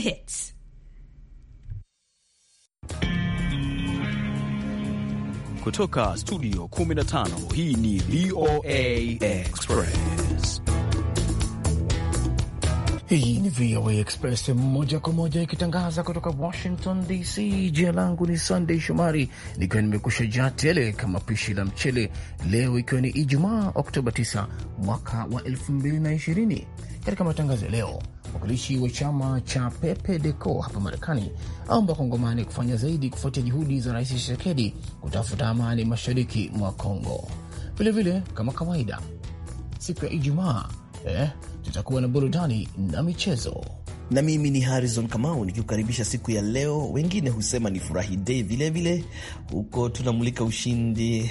Hits. Kutoka studio 15 hii ni VOA Express. Hii ni VOA Express moja kwa moja ikitangaza kutoka Washington DC. Jina langu ni Sunday Shomari, nikiwa nimekusha jaa tele kama pishi la mchele leo, ikiwa ni Ijumaa Oktoba 9 mwaka wa 2020. Katika matangazo ya leo Mwakilishi wa chama cha Pepe Deco hapa Marekani aomba Kongomani kufanya zaidi kufuatia juhudi za Rais Tshisekedi kutafuta amani mashariki mwa Kongo. Vilevile, kama kawaida, siku ya Ijumaa eh, tutakuwa na burudani na michezo na mimi ni Harrison Kamau nikiukaribisha siku ya leo. Wengine husema ni furahi dei, vilevile huko tunamulika ushindi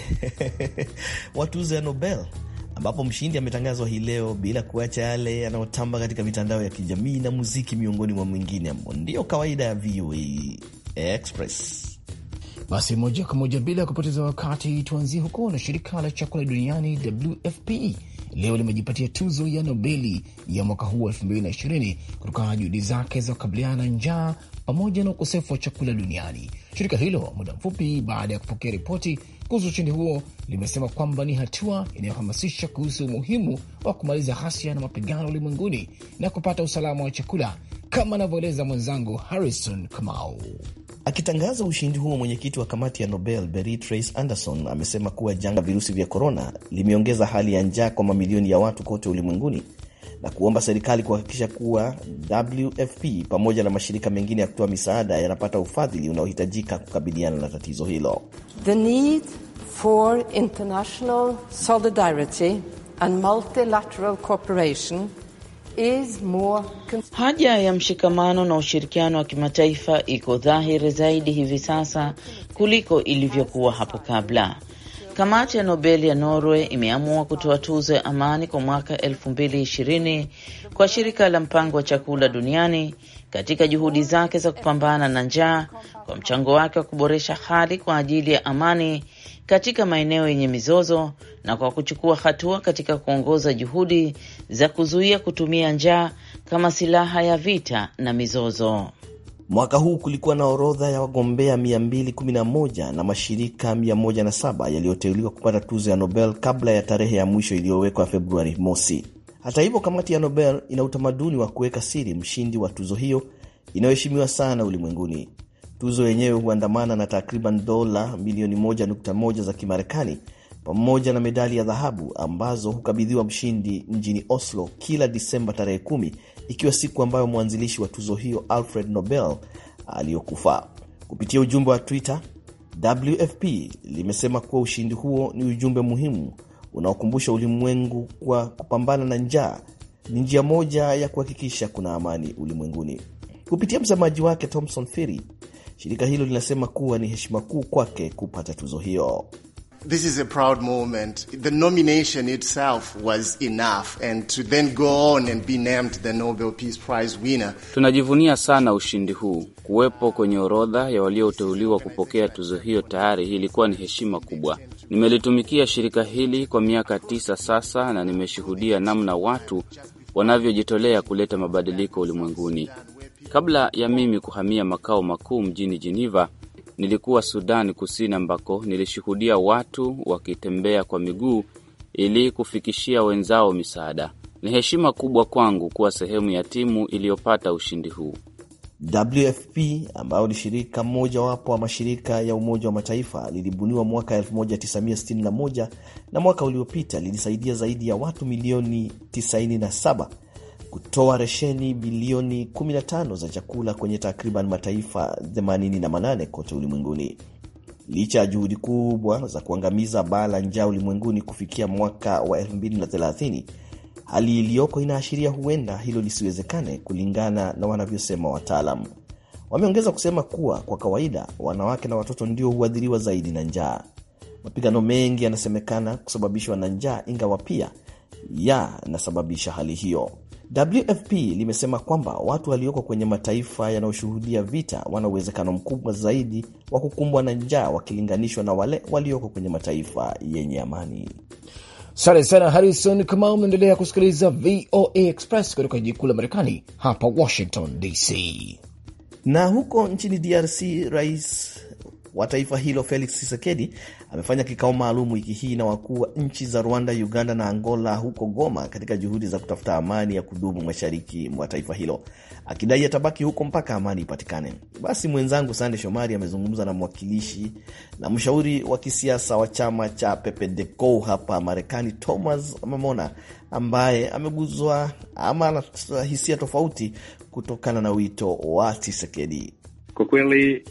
wa tuzo ya Nobel ambapo mshindi ametangazwa hii leo, bila kuacha yale yanayotamba katika mitandao ya kijamii na muziki, miongoni mwa mwingine ambao ndiyo kawaida ya VOA Express. Basi moja kwa moja bila kupoteza wakati, tuanzie huko na shirika la chakula duniani WFP leo limejipatia tuzo ya Nobeli ya mwaka huu wa 2020 kutokana na juhudi zake za kukabiliana na njaa pamoja na ukosefu wa chakula duniani. Shirika hilo muda mfupi baada ya kupokea ripoti kuhusu ushindi huo limesema kwamba ni hatua inayohamasisha kuhusu umuhimu wa kumaliza ghasia na mapigano ulimwenguni na kupata usalama wa chakula, kama anavyoeleza mwenzangu Harrison Kamau. Akitangaza ushindi huo, mwenyekiti wa kamati ya Nobel Berit Reis Anderson amesema kuwa janga virusi vya korona limeongeza hali ya njaa kwa mamilioni ya watu kote ulimwenguni na kuomba serikali kuhakikisha kuwa WFP pamoja na mashirika mengine ya kutoa misaada yanapata ufadhili unaohitajika kukabiliana na tatizo hilo. The need for international solidarity and multilateral cooperation is more... Haja ya mshikamano na ushirikiano wa kimataifa iko dhahiri zaidi hivi sasa kuliko ilivyokuwa hapo kabla. Kamati ya Nobel ya Norway imeamua kutoa tuzo ya amani kwa mwaka 2020 kwa shirika la mpango wa chakula duniani katika juhudi zake za kupambana na njaa kwa mchango wake wa kuboresha hali kwa ajili ya amani katika maeneo yenye mizozo na kwa kuchukua hatua katika kuongoza juhudi za kuzuia kutumia njaa kama silaha ya vita na mizozo. Mwaka huu kulikuwa na orodha ya wagombea 211 na mashirika 107 yaliyoteuliwa kupata tuzo ya Nobel kabla ya tarehe ya mwisho iliyowekwa Februari mosi. Hata hivyo, kamati ya Nobel ina utamaduni wa kuweka siri mshindi wa tuzo hiyo inayoheshimiwa sana ulimwenguni. Tuzo yenyewe huandamana na takriban dola milioni 1.1 za Kimarekani pamoja na medali ya dhahabu ambazo hukabidhiwa mshindi mjini Oslo kila Disemba tarehe 10 ikiwa siku ambayo mwanzilishi wa tuzo hiyo Alfred Nobel aliyokufa. Kupitia ujumbe wa Twitter, WFP limesema kuwa ushindi huo ni ujumbe muhimu unaokumbusha ulimwengu kwa kupambana na njaa ni njia moja ya kuhakikisha kuna amani ulimwenguni. Kupitia msemaji wake Thomson Firi, shirika hilo linasema kuwa ni heshima kuu kwake kupata tuzo hiyo. This is a proud moment. The nomination itself was enough and to then go on and be named the Nobel Peace Prize winner. Tunajivunia sana ushindi huu. Kuwepo kwenye orodha ya walioteuliwa kupokea tuzo hiyo tayari ilikuwa ni heshima kubwa. Nimelitumikia shirika hili kwa miaka tisa sasa na nimeshuhudia namna watu wanavyojitolea kuleta mabadiliko ulimwenguni. Kabla ya mimi kuhamia makao makuu mjini Geneva, Nilikuwa Sudani Kusini ambako nilishuhudia watu wakitembea kwa miguu ili kufikishia wenzao misaada. Ni heshima kubwa kwangu kuwa sehemu ya timu iliyopata ushindi huu. WFP ambayo ni shirika mmojawapo wa mashirika ya Umoja wa Mataifa lilibuniwa mwaka 1961 na mwaka uliopita lilisaidia zaidi ya watu milioni 97 kutoa resheni bilioni 15 za chakula kwenye takriban mataifa 88 kote ulimwenguni. Licha ya juhudi kubwa za kuangamiza baa la njaa ulimwenguni kufikia mwaka wa 2030, hali iliyoko inaashiria huenda hilo lisiwezekane, kulingana na wanavyosema wataalam. Wameongeza kusema kuwa kwa kawaida wanawake na watoto ndio huathiriwa zaidi na njaa. Mapigano mengi yanasemekana kusababishwa na njaa, ingawa pia yanasababisha hali hiyo. WFP limesema kwamba watu walioko kwenye mataifa yanayoshuhudia vita wana uwezekano mkubwa zaidi wa kukumbwa na njaa wakilinganishwa na wale walioko kwenye mataifa yenye amani. sante sana Harrison Kamau. Unaendelea kusikiliza VOA Express kutoka jiji kuu la Marekani hapa Washington DC. Na huko nchini DRC, rais wa taifa hilo Felix Tshisekedi amefanya kikao maalum wiki hii na wakuu wa nchi za Rwanda, Uganda na Angola huko Goma, katika juhudi za kutafuta amani ya kudumu mashariki mwa taifa hilo, akidai atabaki huko mpaka amani ipatikane. Basi mwenzangu Sande Shomari amezungumza na mwakilishi na mshauri wa kisiasa wa chama cha Pepedeco hapa Marekani, Thomas Mamona, ambaye ameguzwa ama anahisia tofauti kutokana na wito wa Tshisekedi. Kwa kweli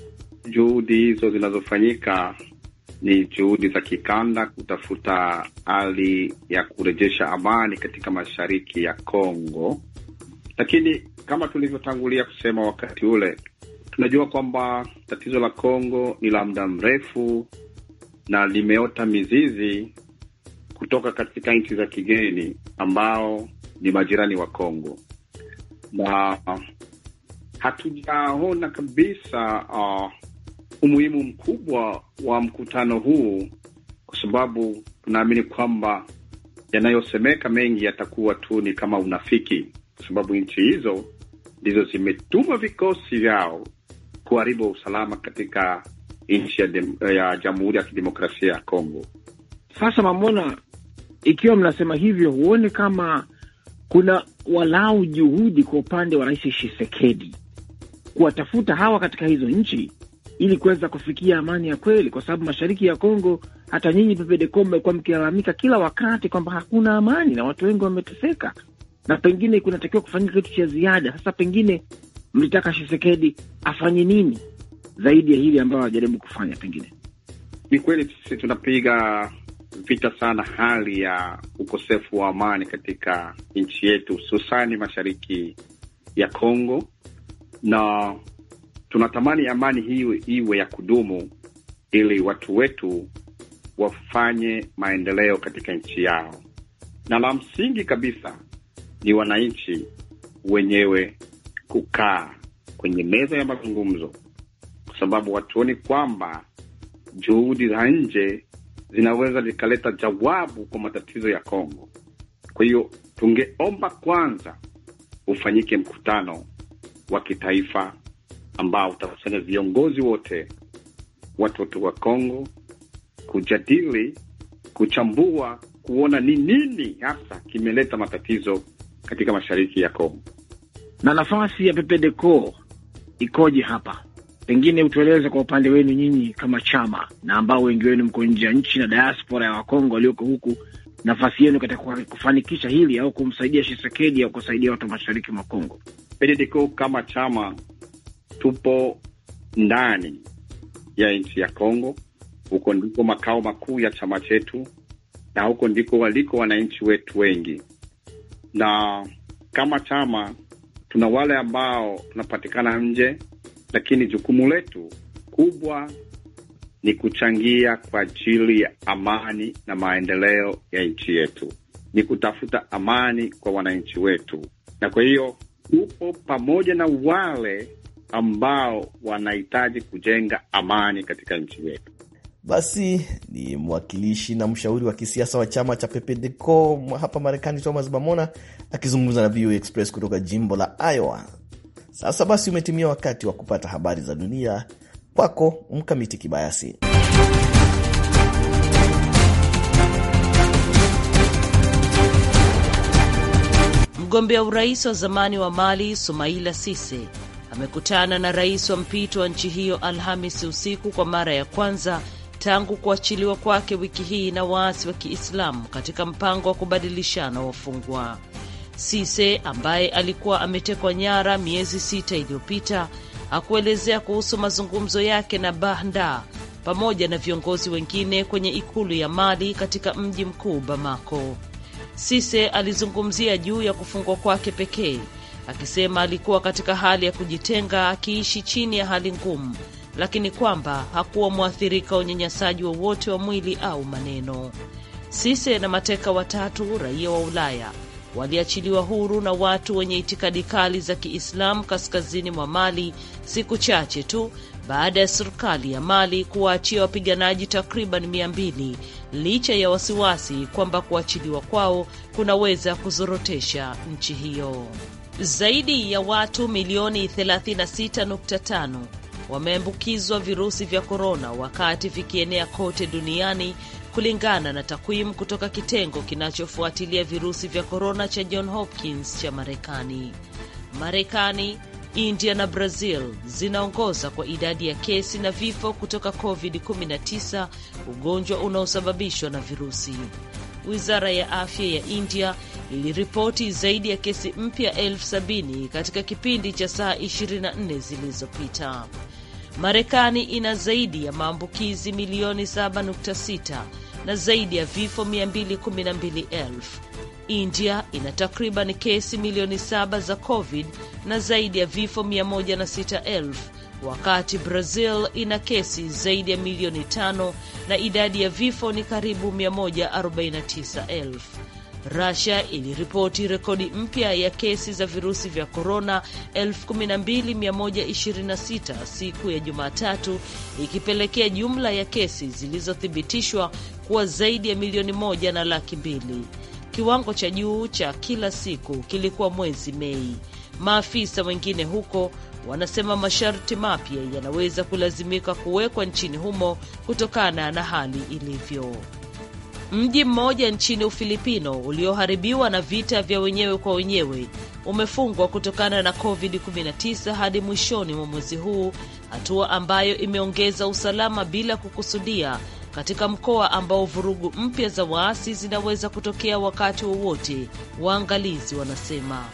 Juhudi hizo zinazofanyika ni juhudi za kikanda kutafuta hali ya kurejesha amani katika mashariki ya Kongo, lakini kama tulivyotangulia kusema wakati ule, tunajua kwamba tatizo la Kongo ni la muda mrefu na limeota mizizi kutoka katika nchi za kigeni ambao ni majirani wa Kongo na hatujaona kabisa uh, umuhimu mkubwa wa mkutano huu kwa sababu tunaamini kwamba yanayosemeka mengi yatakuwa tu ni kama unafiki, kwa sababu nchi hizo ndizo zimetuma vikosi vyao kuharibu usalama katika nchi ya, ya Jamhuri ya Kidemokrasia ya Kongo. Sasa mamona, ikiwa mnasema hivyo, huone kama kuna walau juhudi kwa upande wa Rais Tshisekedi kuwatafuta hawa katika hizo nchi ili kuweza kufikia amani ya kweli, kwa sababu mashariki ya Kongo, hata nyinyi PPDECO mmekuwa mkilalamika kila wakati kwamba hakuna amani na watu wengi wameteseka, na pengine kunatakiwa kufanyika kitu cha ziada. Sasa pengine mlitaka Shisekedi afanye nini zaidi ya hili ambayo wajaribu kufanya? Pengine ni kweli sisi tunapiga vita sana hali ya ukosefu wa amani katika nchi yetu, hususani mashariki ya Kongo na Tunatamani amani hii iwe ya kudumu, ili watu wetu wafanye maendeleo katika nchi yao, na la msingi kabisa ni wananchi wenyewe kukaa kwenye meza ya mazungumzo, kwa sababu hatuoni kwamba juhudi za nje zinaweza zikaleta jawabu kwa matatizo ya Kongo. Kwa hiyo tungeomba kwanza ufanyike mkutano wa kitaifa ambao utakusanya viongozi wote, watoto wa Kongo, kujadili, kuchambua, kuona ni nini hasa kimeleta matatizo katika mashariki ya Kongo. Na nafasi ya Pepedeco ikoje hapa? Pengine utueleze kwa upande wenu nyinyi kama chama, na ambao wengi wenu mko nje ya nchi na diaspora ya Wakongo walioko huku, nafasi yenu katika kufanikisha hili au kumsaidia Shisekedi au kusaidia watu mashariki mwa Kongo. Pepedeco kama chama tupo ndani ya nchi ya Kongo. Huko ndiko makao makuu ya chama chetu, na huko ndiko waliko wananchi wetu wengi. Na kama chama tuna wale ambao tunapatikana nje, lakini jukumu letu kubwa ni kuchangia kwa ajili ya amani na maendeleo ya nchi yetu, ni kutafuta amani kwa wananchi wetu. Na kwa hiyo upo pamoja na wale ambao wanahitaji kujenga amani katika nchi yetu. Basi ni mwakilishi na mshauri wa kisiasa wa chama cha Pepedeco hapa Marekani, Thomas Bamona akizungumza na VOA Express kutoka jimbo la Iowa. Sasa basi, umetimia wakati wa kupata habari za dunia. Kwako Mkamiti Kibayasi. Mgombea urais wa zamani wa Mali Sumaila Sise amekutana na rais wa mpito wa nchi hiyo alhamis usiku kwa mara ya kwanza tangu kuachiliwa kwake wiki hii na waasi wa Kiislamu katika mpango wa kubadilishana wafungwa. Sise ambaye alikuwa ametekwa nyara miezi sita iliyopita hakuelezea kuhusu mazungumzo yake na bahnda pamoja na viongozi wengine kwenye ikulu ya Mali katika mji mkuu Bamako. Sise alizungumzia juu ya kufungwa kwake pekee akisema alikuwa katika hali ya kujitenga akiishi chini ya hali ngumu, lakini kwamba hakuwa mwathirika wa unyanyasaji wowote wa mwili au maneno. Sise na mateka watatu raia wa Ulaya waliachiliwa huru na watu wenye itikadi kali za Kiislamu kaskazini mwa Mali siku chache tu baada ya serikali ya Mali kuwaachia wapiganaji takriban mia mbili licha ya wasiwasi kwamba kuachiliwa kwao kunaweza kuzorotesha nchi hiyo. Zaidi ya watu milioni 36.5 wameambukizwa virusi vya korona wakati vikienea kote duniani kulingana na takwimu kutoka kitengo kinachofuatilia virusi vya korona cha John Hopkins cha Marekani. Marekani, India na Brazil zinaongoza kwa idadi ya kesi na vifo kutoka COVID-19, ugonjwa unaosababishwa na virusi wizara ya afya ya India iliripoti zaidi ya kesi mpya elfu sabini katika kipindi cha saa 24 zilizopita. Marekani ina zaidi ya maambukizi milioni 7.6 na zaidi ya vifo 212,000. India ina takriban kesi milioni 7 za COVID na zaidi ya vifo 106,000 wakati Brazil ina kesi zaidi ya milioni tano na idadi ya vifo ni karibu 149,000. Russia iliripoti rekodi mpya ya kesi za virusi vya korona 12126 siku ya Jumatatu, ikipelekea jumla ya kesi zilizothibitishwa kuwa zaidi ya milioni moja na laki mbili. Kiwango cha juu cha kila siku kilikuwa mwezi Mei. Maafisa wengine huko wanasema masharti mapya yanaweza kulazimika kuwekwa nchini humo kutokana na hali ilivyo. Mji mmoja nchini Ufilipino ulioharibiwa na vita vya wenyewe kwa wenyewe umefungwa kutokana na COVID-19 hadi mwishoni mwa mwezi huu, hatua ambayo imeongeza usalama bila kukusudia katika mkoa ambao vurugu mpya za waasi zinaweza kutokea wakati wowote, waangalizi wanasema.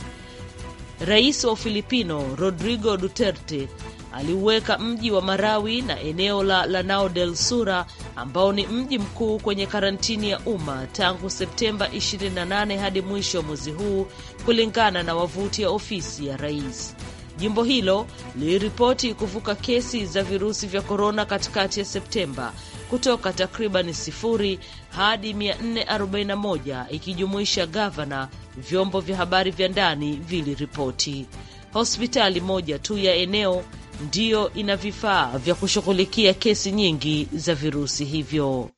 Rais wa Ufilipino Rodrigo Duterte aliuweka mji wa Marawi na eneo la Lanao del Sura ambao ni mji mkuu kwenye karantini ya umma tangu Septemba 28 hadi mwisho wa mwezi huu, kulingana na wavuti ya ofisi ya rais. Jimbo hilo liliripoti kuvuka kesi za virusi vya korona katikati ya Septemba kutoka takriban sifuri hadi 441 ikijumuisha gavana, vyombo vya habari vya ndani viliripoti. Hospitali moja tu ya eneo ndiyo ina vifaa vya kushughulikia kesi nyingi za virusi hivyo.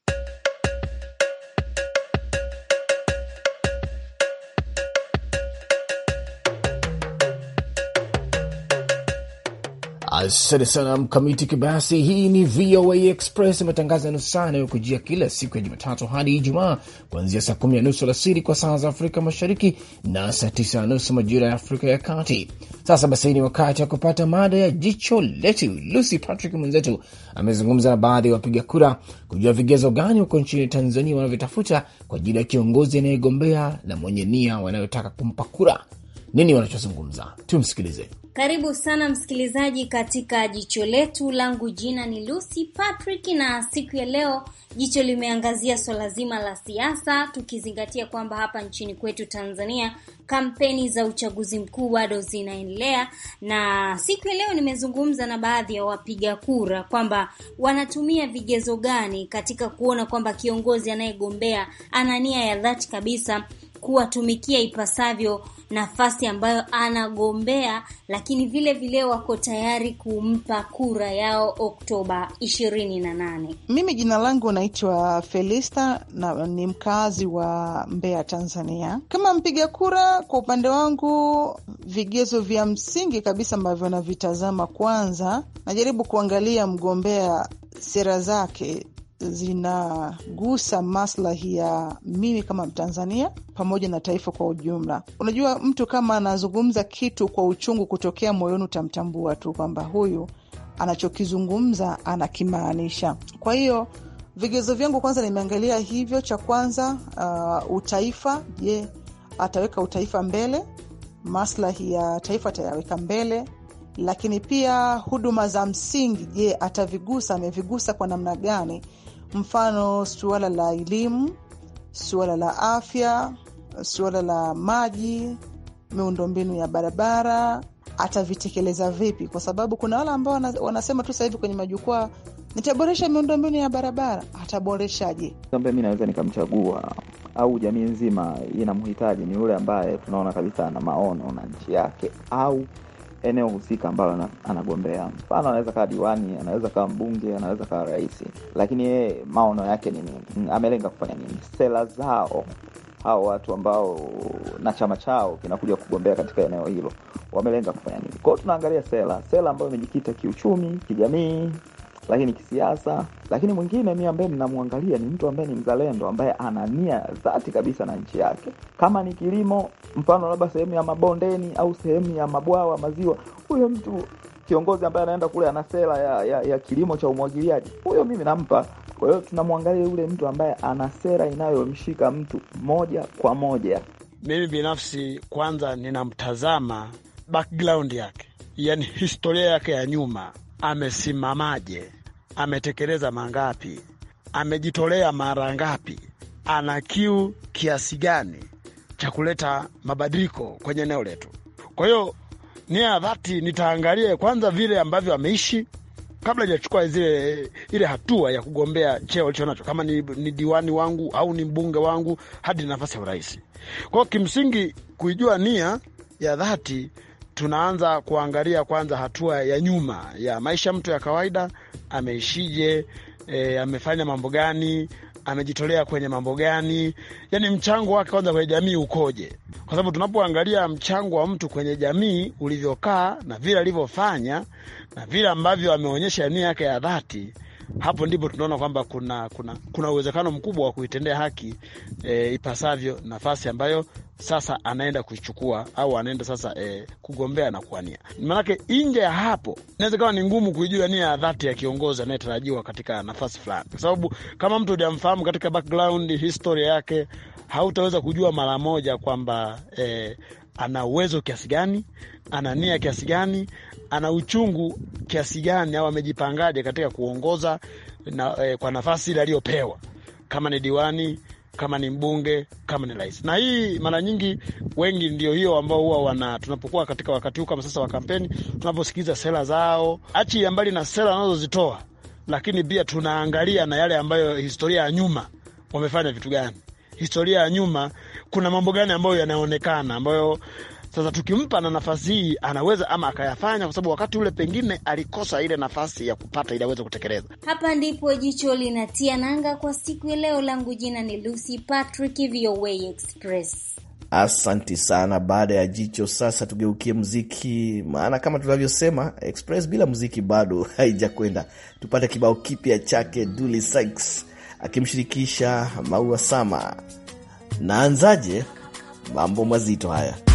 Asante sana Mkamiti Kibasi. Hii ni VOA Express, matangazo ya nusu saa yanayokujia kila siku ya Jumatatu hadi Ijumaa, kuanzia saa kumi na nusu alasiri kwa saa za Afrika Mashariki na saa tisa na nusu majira ya Afrika ya Kati. Sasa basi, ni wakati wa kupata mada ya jicho letu. Lucy Patrick mwenzetu amezungumza na baadhi ya wapiga kura kujua vigezo gani huko nchini Tanzania wanavyotafuta kwa ajili ya kiongozi anayegombea na mwenye nia wanayotaka kumpa kura nini wanachozungumza. Tumsikilize. Karibu sana msikilizaji katika jicho letu. Langu jina ni Lucy Patrick, na siku ya leo jicho limeangazia swala zima la siasa, tukizingatia kwamba hapa nchini kwetu Tanzania kampeni za uchaguzi mkuu bado zinaendelea, na siku ya leo nimezungumza na baadhi ya wapiga kura kwamba wanatumia vigezo gani katika kuona kwamba kiongozi anayegombea ana nia ya dhati kabisa kuwatumikia ipasavyo nafasi ambayo anagombea, lakini vile vile wako tayari kumpa kura yao Oktoba 28. Mimi jina langu naitwa Felista na ni mkazi wa Mbeya, Tanzania. Kama mpiga kura, kwa upande wangu, vigezo vya msingi kabisa ambavyo navitazama, kwanza najaribu kuangalia mgombea sera zake zinagusa maslahi ya mimi kama Mtanzania pamoja na taifa kwa ujumla. Unajua, mtu kama anazungumza kitu kwa uchungu kutokea moyoni, utamtambua tu kwamba huyu anachokizungumza anakimaanisha. Kwa hiyo vigezo vyangu kwanza nimeangalia hivyo, cha kwanza uh, utaifa. Je, ataweka utaifa mbele? Maslahi ya taifa atayaweka mbele? Lakini pia huduma za msingi, je, atavigusa? Amevigusa kwa namna gani? mfano suala la elimu, suala la afya, suala la maji, miundombinu ya barabara, atavitekeleza vipi? Kwa sababu kuna wale ambao wanasema tu sahivi kwenye majukwaa, nitaboresha miundombinu ya barabara. Ataboreshaje? Ambaye mi naweza nikamchagua au jamii nzima inamhitaji ni yule ambaye tunaona kabisa ana maono na nchi yake au eneo husika ambalo anagombea. Mfano, anaweza kawa diwani, anaweza kawa mbunge, anaweza kawa rais, lakini yeye maono yake ni nini? Amelenga kufanya nini? Sera zao hao watu ambao na chama chao kinakuja kugombea katika eneo hilo wamelenga kufanya nini? Kwa hiyo tunaangalia sera, sera ambayo imejikita kiuchumi, kijamii, lakini kisiasa. Lakini mwingine mi ambaye ninamwangalia ni mtu ambaye ni mzalendo, ambaye ana nia dhati kabisa na nchi yake. Kama ni kilimo, mfano labda sehemu ya mabondeni au sehemu ya mabwawa, maziwa, huyo mtu kiongozi ambaye anaenda kule ana sera ya, ya, ya kilimo cha umwagiliaji, huyo mimi nampa. Kwa hiyo tunamwangalia yule mtu ambaye ana sera inayomshika mtu moja kwa moja. Mimi binafsi kwanza ninamtazama background yake, yani historia yake ya nyuma, amesimamaje ametekeleza mangapi, amejitolea mara ngapi, ana kiu kiasi gani cha kuleta mabadiliko kwenye eneo letu. Kwa hiyo nia dhati, nitaangalia kwanza vile ambavyo ameishi kabla ijachukua zile ile hatua ya kugombea cheo nacho, kama ni, ni diwani wangu au ni mbunge wangu hadi nafasi ya urais. Kwa hiyo kimsingi, kuijua nia ya dhati tunaanza kuangalia kwanza hatua ya nyuma ya maisha mtu ya kawaida, ameishije? E, amefanya mambo gani? amejitolea kwenye mambo gani? Yani mchango wake kwanza kwenye jamii ukoje? Kwa sababu tunapoangalia mchango wa mtu kwenye jamii ulivyokaa na vile alivyofanya na vile ambavyo ameonyesha nia yake ya dhati, hapo ndipo tunaona kwamba kuna, kuna, kuna uwezekano mkubwa wa kuitendea haki e, ipasavyo nafasi ambayo sasa anaenda kuichukua au anaenda sasa e, kugombea na kuwania. Maanake nje ya hapo inaweza kawa ni ngumu kuijua nia ya dhati ya kiongozi anayetarajiwa katika nafasi fulani, kwa sababu kama mtu hujamfahamu katika background, historia yake, hautaweza kujua mara moja kwamba e, ana uwezo kiasi gani, ana nia kiasi gani, ana uchungu kiasi gani au amejipangaje katika kuongoza na, eh, kwa nafasi ile aliyopewa, kama ni diwani, kama ni mbunge, kama ni rais. Na hii mara nyingi wengi ndio hiyo ambao huwa wana, tunapokuwa katika wakati huu kama sasa wa kampeni, tunaposikiliza sera zao, achi mbali na sera wanazozitoa, lakini pia tunaangalia na yale ambayo historia ya nyuma wamefanya vitu gani, historia ya nyuma kuna mambo gani ambayo yanaonekana ambayo sasa tukimpa na nafasi hii anaweza ama akayafanya, kwa sababu wakati ule pengine alikosa ile nafasi ya kupata ili aweze kutekeleza. Hapa ndipo jicho linatia nanga kwa siku ya leo. Langu jina ni Lucy Patrick, VOA Express. Asanti sana. Baada ya jicho, sasa tugeukie muziki, maana kama tunavyosema Express bila muziki bado haijakwenda. Tupate kibao kipya chake Dully Sykes akimshirikisha Maua Sama. Naanzaje mambo mazito haya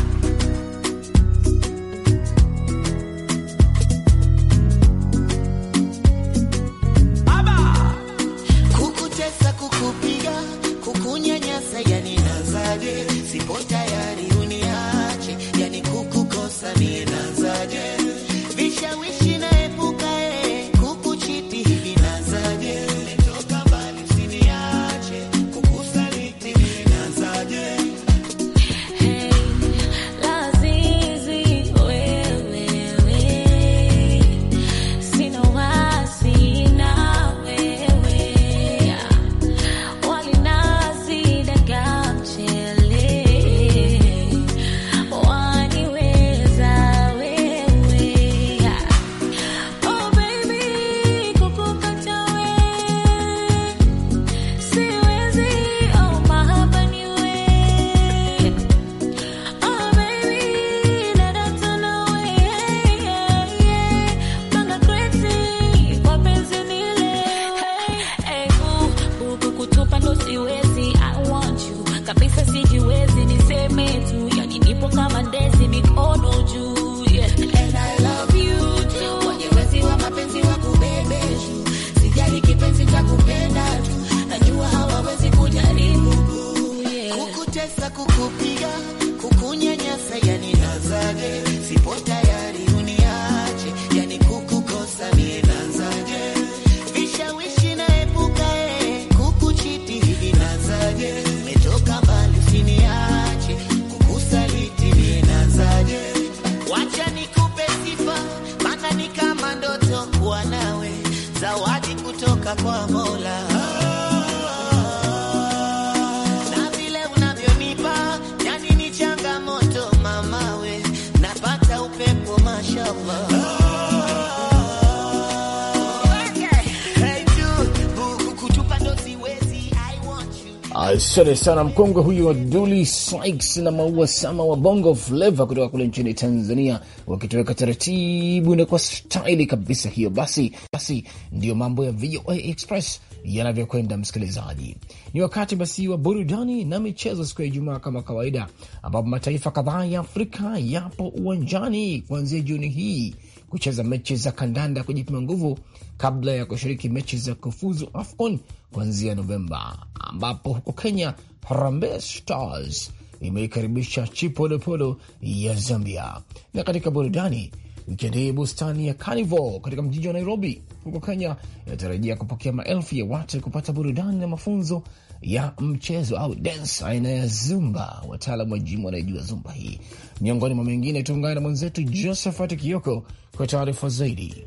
Asante sana mkongwe huyo Duli Sykes na maua sama wa Bongo Flava kutoka kule nchini Tanzania, wakitoweka taratibu na kwa staili kabisa hiyo. Basi basi, ndiyo mambo ya VOA Express yanavyokwenda, msikilizaji. Ni wakati basi wa burudani na michezo siku ya Ijumaa kama kawaida, ambapo mataifa kadhaa ya Afrika yapo uwanjani kuanzia Juni hii kucheza mechi za kandanda kujipima nguvu kabla ya kushiriki mechi za kufuzu AFCON kuanzia Novemba, ambapo huko Kenya Harambee Stars imeikaribisha Chipolopolo ya Zambia. Na katika burudani, wikendi hii bustani ya Carnival katika mjiji wa Nairobi huko Kenya inatarajia kupokea maelfu ya watu kupata burudani na mafunzo ya mchezo au dance aina ya zumba. Wataalamu wa jimu wanaijua zumba hii, miongoni mwa mengine. Tuungane na mwenzetu Josephat Kioko kwa taarifa zaidi.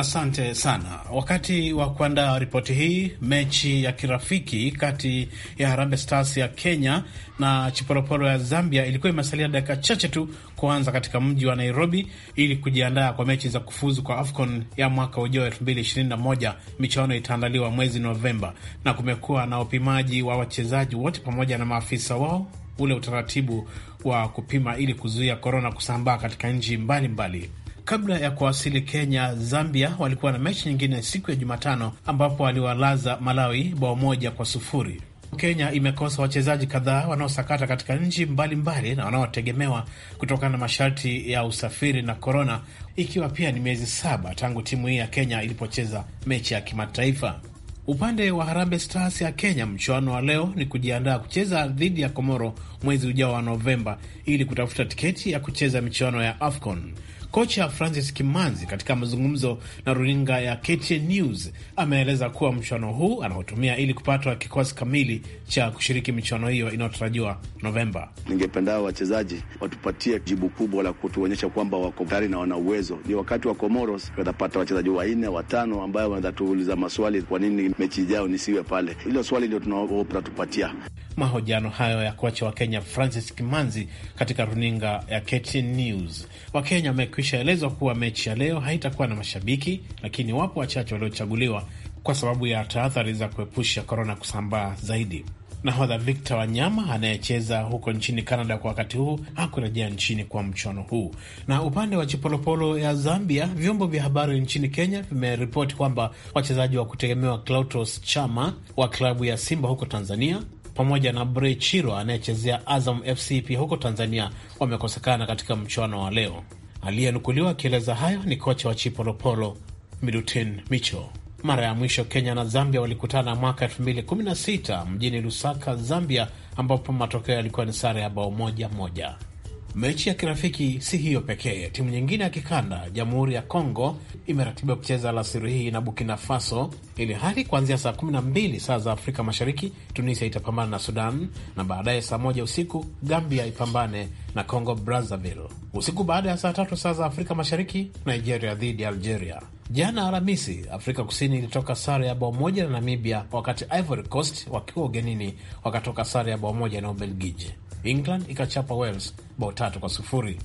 Asante sana. Wakati wa kuandaa ripoti hii, mechi ya kirafiki kati ya Harambee Stars ya Kenya na Chiporoporo ya Zambia ilikuwa imesalia dakika chache tu kuanza katika mji wa Nairobi ili kujiandaa kwa mechi za kufuzu kwa AFCON ya mwaka ujao 2021. Michuano itaandaliwa mwezi Novemba na kumekuwa na upimaji wa wachezaji wote pamoja na maafisa wao ule utaratibu wa kupima ili kuzuia korona kusambaa katika nchi mbalimbali. Kabla ya kuwasili Kenya, Zambia walikuwa na mechi nyingine siku ya Jumatano ambapo waliwalaza Malawi bao moja kwa sufuri. Kenya imekosa wachezaji kadhaa wanaosakata katika nchi mbalimbali na wanaotegemewa kutokana na masharti ya usafiri na korona, ikiwa pia ni miezi saba tangu timu hii ya Kenya ilipocheza mechi ya kimataifa. Upande wa Harambee Stars ya Kenya, mchuano wa leo ni kujiandaa kucheza dhidi ya Komoro mwezi ujao wa Novemba ili kutafuta tiketi ya kucheza michuano ya AFCON. Kocha Francis Kimanzi katika mazungumzo na runinga ya KTN News ameeleza kuwa mchuano huu anaotumia ili kupatwa kikosi kamili cha kushiriki michuano hiyo inayotarajiwa Novemba. Ningependa wachezaji watupatie jibu kubwa la kutuonyesha kwamba wako tayari na wana uwezo. Ni wakati wa Komoros watapata wachezaji wanne watano, ambayo wanatuuliza maswali, kwa nini mechi ijayo nisiwe pale? Hilo swali ndio tunatupatia. Mahojiano hayo ya kocha wa Kenya Francis Kimanzi katika runinga ya KTN News. Wakenya wamekuwa kuishaelezwa kuwa mechi ya leo haitakuwa na mashabiki, lakini wapo wachache waliochaguliwa kwa sababu ya tahadhari za kuepusha korona kusambaa zaidi. Nahodha Victor Wanyama anayecheza huko nchini Canada kwa wakati huu hakurejea nchini kwa mchuano huu. Na upande wa Chipolopolo ya Zambia, vyombo vya habari nchini Kenya vimeripoti kwamba wachezaji wa kutegemewa Clatous Chama wa klabu ya Simba huko Tanzania pamoja na Brei chiro anayechezea Azam FC pia huko Tanzania wamekosekana katika mchuano wa leo. Aliyenukuliwa akieleza hayo ni kocha wa Chipolopolo Milutin Micho. Mara ya mwisho Kenya na Zambia walikutana mwaka 2016 mjini Lusaka, Zambia, ambapo matokeo yalikuwa ni sare ya bao moja moja. Mechi ya kirafiki si hiyo pekee. Timu nyingine ya kikanda, Jamhuri ya Kongo, imeratibiwa kucheza alasiri hii na Burkina Faso, ili hali kuanzia saa kumi na mbili saa za Afrika Mashariki, Tunisia itapambana na Sudan, na baadaye saa moja usiku Gambia ipambane na Congo Brazzaville. Usiku baada ya saa tatu saa za Afrika Mashariki, Nigeria dhidi ya Algeria. Jana Alhamisi, Afrika Kusini ilitoka sare ya bao moja na Namibia, wakati Ivory Coast wakiwa ugenini wakatoka sare ya bao moja na Ubelgiji. England ikachapa Wales bao tatu kwa sufuri.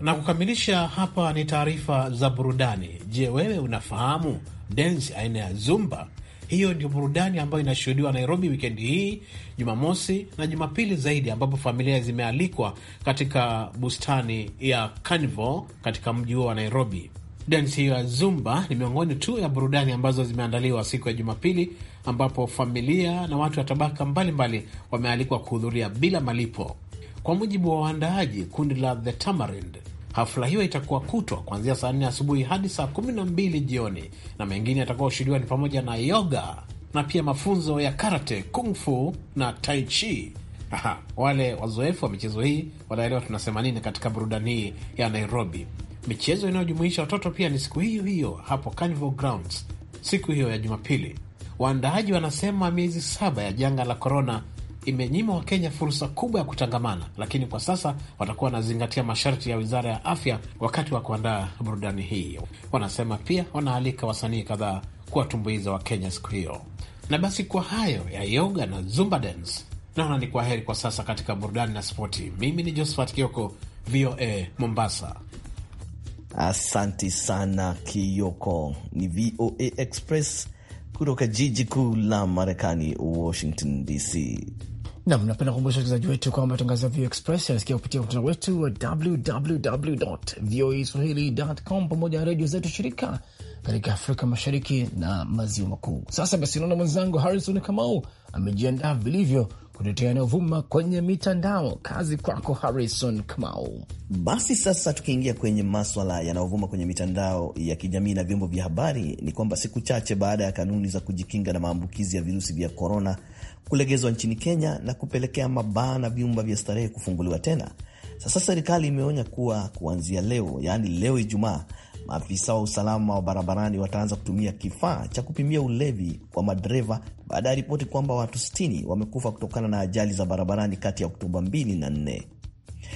Na kukamilisha hapa ni taarifa za burudani. Je, wewe unafahamu densi aina ya zumba? Hiyo ndio burudani ambayo inashuhudiwa Nairobi wikendi hii, Jumamosi na Jumapili zaidi, ambapo familia zimealikwa katika bustani ya Carnival katika mji huo wa Nairobi. Densi hiyo ya zumba ni miongoni tu ya burudani ambazo zimeandaliwa siku ya Jumapili ambapo familia na watu wa tabaka mbalimbali wamealikwa kuhudhuria bila malipo. Kwa mujibu wa waandaaji, kundi la The Tamarind, hafla hiyo itakuwa kutwa kuanzia saa nne asubuhi hadi saa kumi na mbili jioni, na mengine yatakaoshuhudiwa ni pamoja na yoga na pia mafunzo ya karate, kung fu na tai chi. Aha, wale wazoefu wa michezo hii wataelewa tunasema nini katika burudani hii ya Nairobi. Michezo inayojumuisha watoto pia ni siku hiyo hiyo hapo Carnival Grounds siku hiyo ya Jumapili. Waandaaji wanasema miezi saba ya janga la korona imenyima Wakenya fursa kubwa ya kutangamana, lakini kwa sasa watakuwa wanazingatia masharti ya wizara ya afya wakati wa kuandaa burudani hii. Wanasema pia wanaalika wasanii kadhaa kuwatumbuiza Wakenya siku hiyo. Na basi kwa hayo ya yoga na zumba dance, naona ni kwa heri kwa sasa katika burudani na spoti. Mimi ni Josephat Kioko, VOA Mombasa. Asanti sana Kioko. Ni VOA Express kutoka jiji kuu la Marekani, Washington DC. Nam, napenda kukumbusha wasikilizaji wetu kwamba matangazo ya VOA Express yanasikia kupitia mtandao wetu wa www voa swahili.com pamoja na redio zetu shirika katika Afrika Mashariki na Maziwa Makuu. Sasa basi, naona mwenzangu Harrison Kamau amejiandaa vilivyo kutetea yanayovuma kwenye mitandao. Kazi kwako Harrison Kamau. Basi sasa tukiingia kwenye maswala yanayovuma kwenye mitandao ya kijamii na vyombo vya habari, ni kwamba siku chache baada ya kanuni za kujikinga na maambukizi ya virusi vya korona kulegezwa nchini Kenya na kupelekea mabaa na vyumba vya starehe kufunguliwa tena, sasa serikali imeonya kuwa kuanzia leo, yaani leo Ijumaa, Maafisa wa usalama wa barabarani wataanza kutumia kifaa cha kupimia ulevi kwa madereva baada ya ripoti kwamba watu 60 wamekufa kutokana na ajali za barabarani kati ya Oktoba 2 na 4.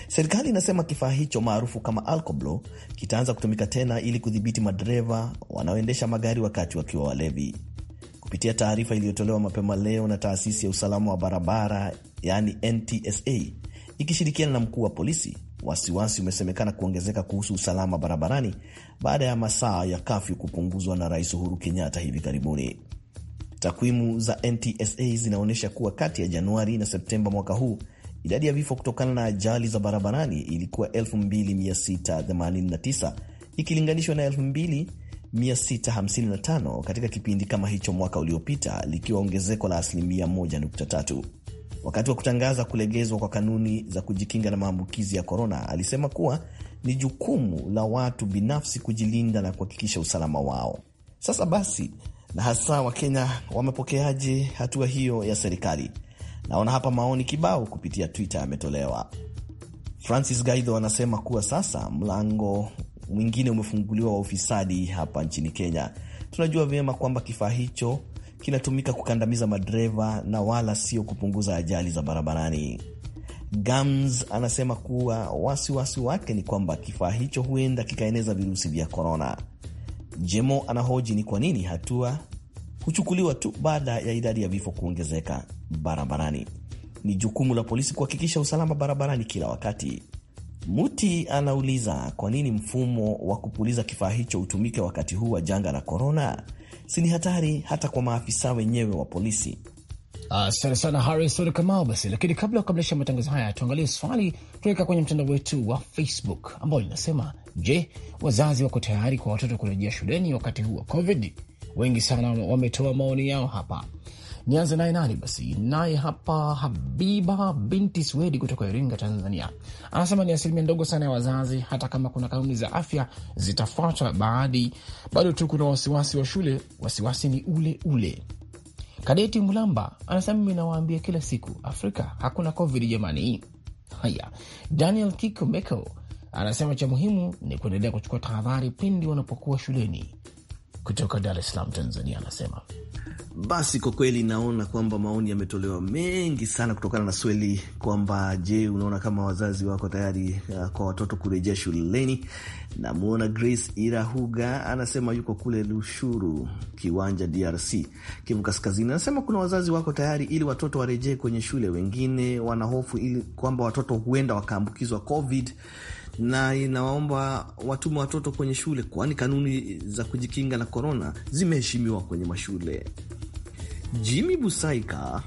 Serikali inasema kifaa hicho maarufu kama Alcoblo kitaanza kutumika tena ili kudhibiti madereva wanaoendesha magari wakati wakiwa walevi. Kupitia taarifa iliyotolewa mapema leo na taasisi ya usalama wa barabara, yani NTSA, ikishirikiana na mkuu wa polisi, Wasiwasi umesemekana kuongezeka kuhusu usalama barabarani baada ya masaa ya kafyu kupunguzwa na Rais Uhuru Kenyatta hivi karibuni. Takwimu za NTSA zinaonyesha kuwa kati ya Januari na Septemba mwaka huu idadi ya vifo kutokana na ajali za barabarani ilikuwa 2689 ikilinganishwa na 2655 katika kipindi kama hicho mwaka uliopita, likiwa ongezeko la asilimia 1.3 wakati wa kutangaza kulegezwa kwa kanuni za kujikinga na maambukizi ya korona, alisema kuwa ni jukumu la watu binafsi kujilinda na kuhakikisha usalama wao. Sasa basi, na hasa Wakenya wamepokeaje hatua hiyo ya serikali? Naona hapa maoni kibao kupitia Twitter yametolewa. Francis Gaidho anasema kuwa sasa mlango mwingine umefunguliwa wa ufisadi hapa nchini Kenya. Tunajua vyema kwamba kifaa hicho kinatumika kukandamiza madereva na wala sio kupunguza ajali za barabarani. Gams anasema kuwa wasiwasi wasi wake ni kwamba kifaa hicho huenda kikaeneza virusi vya korona. Jemo anahoji ni kwa nini hatua huchukuliwa tu baada ya idadi ya vifo kuongezeka barabarani. Ni jukumu la polisi kuhakikisha usalama barabarani kila wakati. Muti anauliza kwa nini mfumo wa kupuliza kifaa hicho hutumike wakati huu wa janga la korona? Si ni hatari hata kwa maafisa wenyewe wa polisi? Asante uh, sana harison Kamau. Basi lakini kabla ya kukamilisha matangazo haya, tuangalie swali tuweka kwenye mtandao wetu wa Facebook ambao linasema je, wazazi wako tayari kwa watoto kurejea shuleni wakati huu wa COVID? Wengi sana wametoa maoni yao hapa. Nianze naye nani basi? Naye hapa Habiba binti Swedi kutoka Iringa, Tanzania, anasema ni asilimia ndogo sana ya wazazi, hata kama kuna kanuni za afya zitafuatwa, baadhi bado tu kuna wasiwasi wa shule. Wasiwasi ni ule ule. Kadeti Mulamba anasema mimi nawaambia kila siku, Afrika hakuna Covid jamani. Haya, Daniel Kikomeko anasema cha muhimu ni kuendelea kuchukua tahadhari pindi wanapokuwa shuleni kutoka Dar es Salaam, Tanzania, anasema basi kwa kweli naona kwamba maoni yametolewa mengi sana kutokana na swali kwamba je, unaona kama wazazi wako tayari uh, kwa watoto kurejea shuleni? Namwona Grace Irahuga anasema yuko kule Lushuru Kiwanja, DRC, Kivu Kaskazini. Anasema kuna wazazi wako tayari ili watoto warejee kwenye shule, wengine wanahofu ili kwamba watoto huenda wakaambukizwa COVID na inawaomba watume watoto kwenye shule, kwani kanuni za kujikinga na korona zimeheshimiwa kwenye mashule. Jimmy Busaika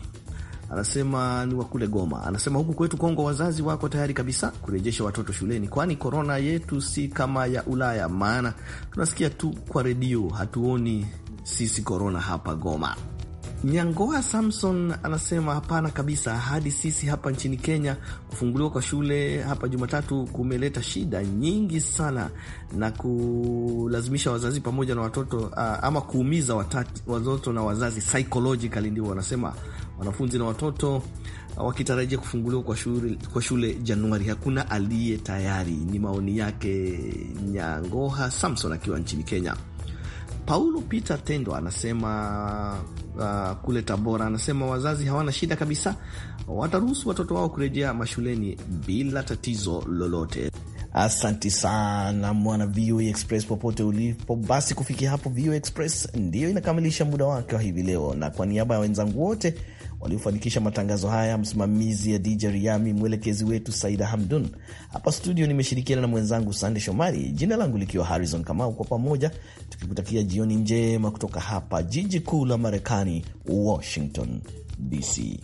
anasema ni wa kule Goma, anasema huku kwetu Kongo wazazi wako tayari kabisa kurejesha watoto shuleni, kwani korona yetu si kama ya Ulaya, maana tunasikia tu kwa redio, hatuoni sisi korona hapa Goma. Nyangoa Samson anasema hapana kabisa, hadi sisi hapa nchini Kenya kufunguliwa kwa shule hapa Jumatatu kumeleta shida nyingi sana na kulazimisha wazazi pamoja na watoto ah, ama kuumiza watoto na wazazi psychologically, ndio wanasema wanafunzi na watoto ah, wakitarajia kufunguliwa kwa shule, kwa shule Januari. Hakuna aliye tayari, ni maoni yake Nyangoha Samson akiwa nchini Kenya. Paulo Peter Tendo anasema uh, kule Tabora, anasema wazazi hawana shida kabisa, wataruhusu watoto wao kurejea mashuleni bila tatizo lolote. Asanti sana mwana VOA e Express popote ulipo. Basi kufikia hapo, VOA e Express ndiyo inakamilisha muda wake wa hivi leo, na kwa niaba ya wenzangu wote waliofanikisha matangazo haya, msimamizi ya DJ Riami, mwelekezi wetu Saida Hamdun. Hapa studio nimeshirikiana na mwenzangu Sande Shomari, jina langu likiwa Harrison Kamau, kwa pamoja tukikutakia jioni njema kutoka hapa jiji kuu la Marekani, Washington DC.